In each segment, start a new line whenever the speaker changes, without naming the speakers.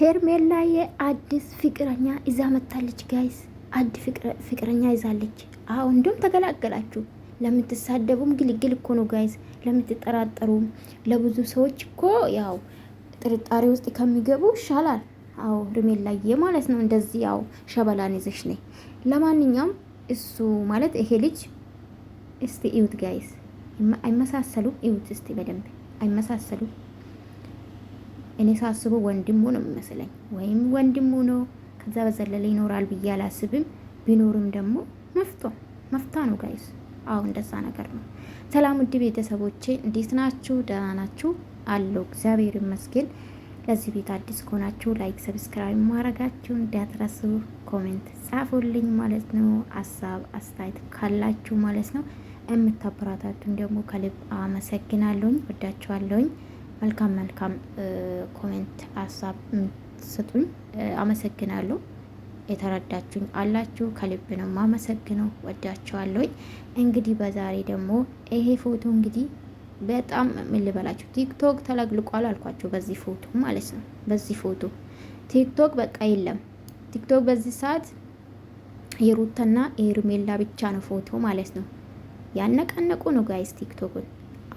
ሄርሜላዬ አዲስ ፍቅረኛ ይዛ መታለች። ጋይስ አዲስ ፍቅረኛ ይዛለች። አዎ እንዲሁም ተገላገላችሁ። ለምትሳደቡም ግልግል እኮ ነው ጋይስ። ለምትጠራጠሩም ለብዙ ሰዎች እኮ ያው ጥርጣሬ ውስጥ ከሚገቡ ይሻላል። አዎ ሄርሜላዬ ማለት ነው እንደዚህ ያው ሸበላን ይዘሽ ነይ። ለማንኛውም እሱ ማለት ይሄ ልጅ እስቲ እዩት ጋይስ፣ አይመሳሰሉም? እዩት እስቲ በደንብ አይመሳሰሉም? እኔ ሳስቡ ወንድሙ ነው የሚመስለኝ፣ ወይም ወንድሙ ነው። ከዛ በዘለለ ይኖራል ብዬ አላስብም። ቢኖርም ደግሞ መፍቶ መፍታ ነው ጋይስ። አሁ እንደዛ ነገር ነው። ሰላም ውድ ቤተሰቦቼ እንዴት ናችሁ? ደህና ናችሁ? አለው እግዚአብሔር ይመስገን። ለዚህ ቤት አዲስ ከሆናችሁ ላይክ፣ ሰብስክራይብ ማድረጋችሁ እንዳትረሱ፣ ኮሜንት ጻፉልኝ ማለት ነው። ሀሳብ አስተያየት ካላችሁ ማለት ነው። የምታበራታቱን ደግሞ ከልብ አመሰግናለሁኝ። ወዳችኋለሁኝ። መልካም መልካም ኮሜንት ሀሳብ ስጡኝ። አመሰግናለሁ። የተረዳችሁኝ አላችሁ፣ ከልብ ነው ማመሰግነው። ወዳችኋለሁኝ። እንግዲህ በዛሬ ደግሞ ይሄ ፎቶ እንግዲህ በጣም ምን ልበላችሁ ቲክቶክ ተለግልቋል አልኳቸው። በዚህ ፎቶ ማለት ነው። በዚህ ፎቶ ቲክቶክ በቃ የለም። ቲክቶክ በዚህ ሰዓት የሩተና የሄርሜላ ብቻ ነው ፎቶ ማለት ነው። ያነቃነቁ ነው ጋይስ ቲክቶክን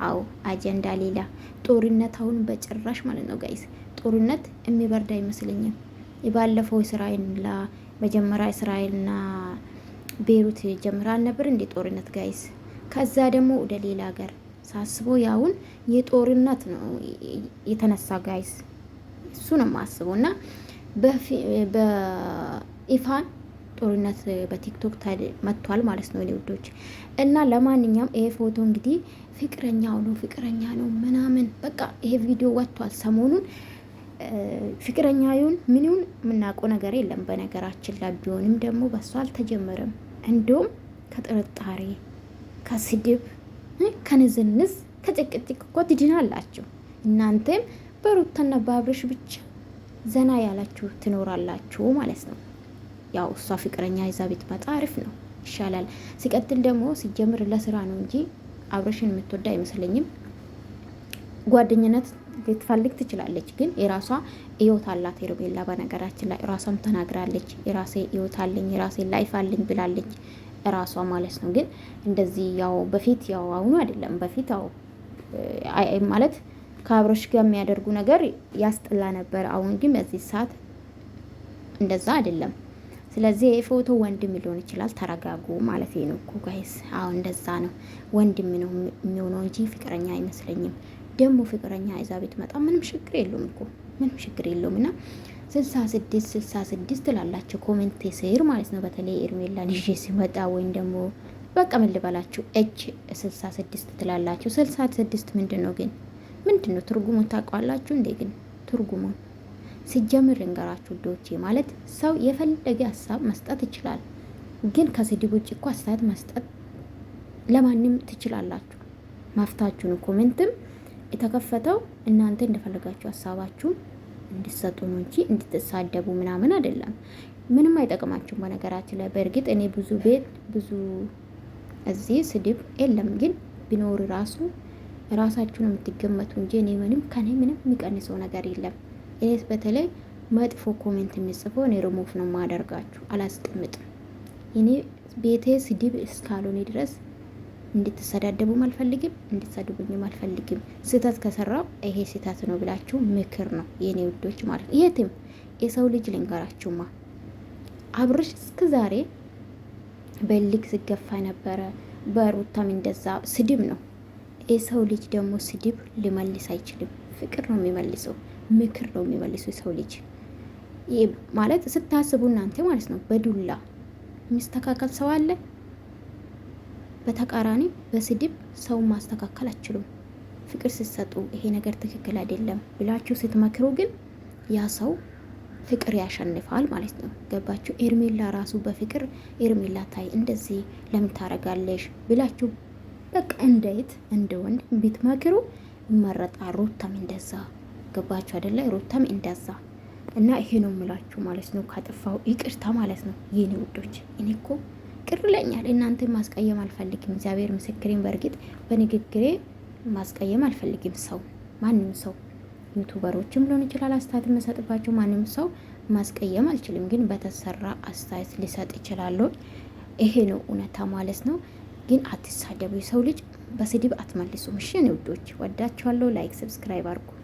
አዎ አጀንዳ ሌላ ጦርነት፣ አሁን በጭራሽ ማለት ነው ጋይስ። ጦርነት የሚበርድ አይመስለኝም። የባለፈው እስራኤልና መጀመሪያ እስራኤልና ቤሩት ጀምራ አልነበር እንዴ ጦርነት ጋይስ? ከዛ ደግሞ ወደ ሌላ ሀገር ሳስቦ ያውን የጦርነት ነው የተነሳ ጋይስ። እሱ ነው የማስበው እና በኢፋን ጦርነት በቲክቶክ መጥቷል ማለት ነው ውዶች። እና ለማንኛውም ይሄ ፎቶ እንግዲህ ፍቅረኛው ነው ፍቅረኛ ነው ምናምን በቃ ይሄ ቪዲዮ ወጥቷል ሰሞኑን። ፍቅረኛ ይሁን ምን ይሁን የምናውቀው ነገር የለም በነገራችን ላይ። ቢሆንም ደግሞ በሱ አልተጀመረም። እንዲሁም ከጥርጣሬ ከስድብ፣ ከንዝንዝ፣ ከጭቅጭቅ እኮ ትድናላችሁ እናንተም በሩታና በአብርሽ ብቻ ዘና ያላችሁ ትኖራላችሁ ማለት ነው። ያው እሷ ፍቅረኛ ይዛ ቤት መጣ አሪፍ ነው ይሻላል። ሲቀጥል ደግሞ ሲጀምር ለስራ ነው እንጂ አብረሽን የምትወዳ አይመስለኝም። ጓደኝነት ልትፈልግ ትችላለች፣ ግን የራሷ ህይወት አላት። ሄርሜላ በነገራችን ላይ ራሷም ተናግራለች። የራሴ ህይወት አለኝ የራሴ ላይፍ አለኝ ብላለች ራሷ ማለት ነው። ግን እንደዚህ ያው በፊት ያው አሁኑ አይደለም በፊት ያው ማለት ከአብረሽ ጋር የሚያደርጉ ነገር ያስጥላ ነበር። አሁን ግን በዚህ ሰዓት እንደዛ አይደለም። ስለዚህ የፎቶ ወንድም ሊሆን ይችላል። ተረጋጉ ማለት ነው እኮ ጋይስ። አዎ እንደዛ ነው፣ ወንድም ነው የሚሆነው እንጂ ፍቅረኛ አይመስለኝም። ደግሞ ፍቅረኛ እዛ ቤት መጣ ምንም ችግር የለውም እኮ ምንም ችግር የለውም። እና ስልሳ ስድስት ስልሳ ስድስት ላላቸው ኮሜንት ስር ማለት ነው። በተለይ ኤርሜላ ልጅ ሲመጣ ወይም ደግሞ በቃ ምን ልበላችሁ እች ስልሳ ስድስት ትላላችሁ። ስልሳ ስድስት ምንድን ነው ግን? ምንድን ነው ትርጉሙን ታውቋላችሁ እንዴ? ግን ትርጉሙን ሲጀምር እንገራችሁ ውዶቼ፣ ማለት ሰው የፈለገ ሀሳብ መስጠት ይችላል። ግን ከስድብ ውጭ እኮ አስተያየት መስጠት ለማንም ትችላላችሁ። መፍታችሁን ኮሜንትም የተከፈተው እናንተ እንደፈለጋችሁ ሀሳባችሁ እንድሰጡ ነው እንጂ እንድትሳደቡ ምናምን አይደለም። ምንም አይጠቅማችሁም። በነገራችን ላይ በእርግጥ እኔ ብዙ ቤት ብዙ እዚህ ስድብ የለም፣ ግን ቢኖር ራሱ ራሳችሁን የምትገመቱ እንጂ እኔ ምንም ከኔ ምንም የሚቀንሰው ነገር የለም። እኔስ በተለይ መጥፎ ኮሜንት የሚጽፉ እኔ ሪሞቭ ነው ማደርጋችሁ፣ አላስቀምጥም። እኔ ቤቴ ስድብ እስካልሆነ ድረስ እንድትሰዳደቡም አልፈልግም፣ እንድትሰድቡኝም አልፈልግም። ስህተት ከሰራው ይሄ ስህተት ነው ብላችሁ ምክር ነው የእኔ ውዶች ማለት ነው። የትም የሰው ልጅ ልንገራችሁማ፣ አብርሽ እስከ ዛሬ በልግ ሲገፋ ነበረ፣ በሩታም እንደዛ ስድብ ነው። የሰው ልጅ ደግሞ ስድብ ሊመልስ አይችልም፣ ፍቅር ነው የሚመልሰው። ምክር ነው የሚመልሱ የሰው ልጅ። ይህ ማለት ስታስቡ እናንተ ማለት ነው። በዱላ የሚስተካከል ሰው አለ። በተቃራኒ በስድብ ሰው ማስተካከል አችሉም። ፍቅር ስትሰጡ ይሄ ነገር ትክክል አይደለም ብላችሁ ስትመክሩ ግን ያ ሰው ፍቅር ያሸንፋል ማለት ነው። ገባችሁ? ኤርሜላ ራሱ በፍቅር ኤርሜላ ታይ እንደዚህ ለምን ታረጋለሽ ብላችሁ በቃ እንዴት እንደ ወንድ ብትመክሩ ይመረጣል። ሩታም እንደዛ ገባችሁ አይደለ? ሩታም እንደዛ እና ይሄ ነው የምላችሁ ማለት ነው። ካጠፋው ይቅርታ ማለት ነው። የኔ ውዶች እኔ እኮ ቅር ለኛል። እናንተ ማስቀየም አልፈልግም። እግዚአብሔር ምስክሬን፣ በእርግጥ በንግግሬ ማስቀየም አልፈልግም። ሰው ማንም ሰው ዩቱበሮችም ሊሆን ይችላል አስተያየት የምሰጥባቸው ማንም ሰው ማስቀየም አልችልም። ግን በተሰራ አስተያየት ሊሰጥ ይችላለሁ። ይሄ ነው እውነታ ማለት ነው። ግን አትሳደቡ። የሰው ልጅ በስድብ አትመልሱም። እሺ ውዶች፣ ወዳችኋለሁ። ላይክ ሰብስክራይብ አድርጉ።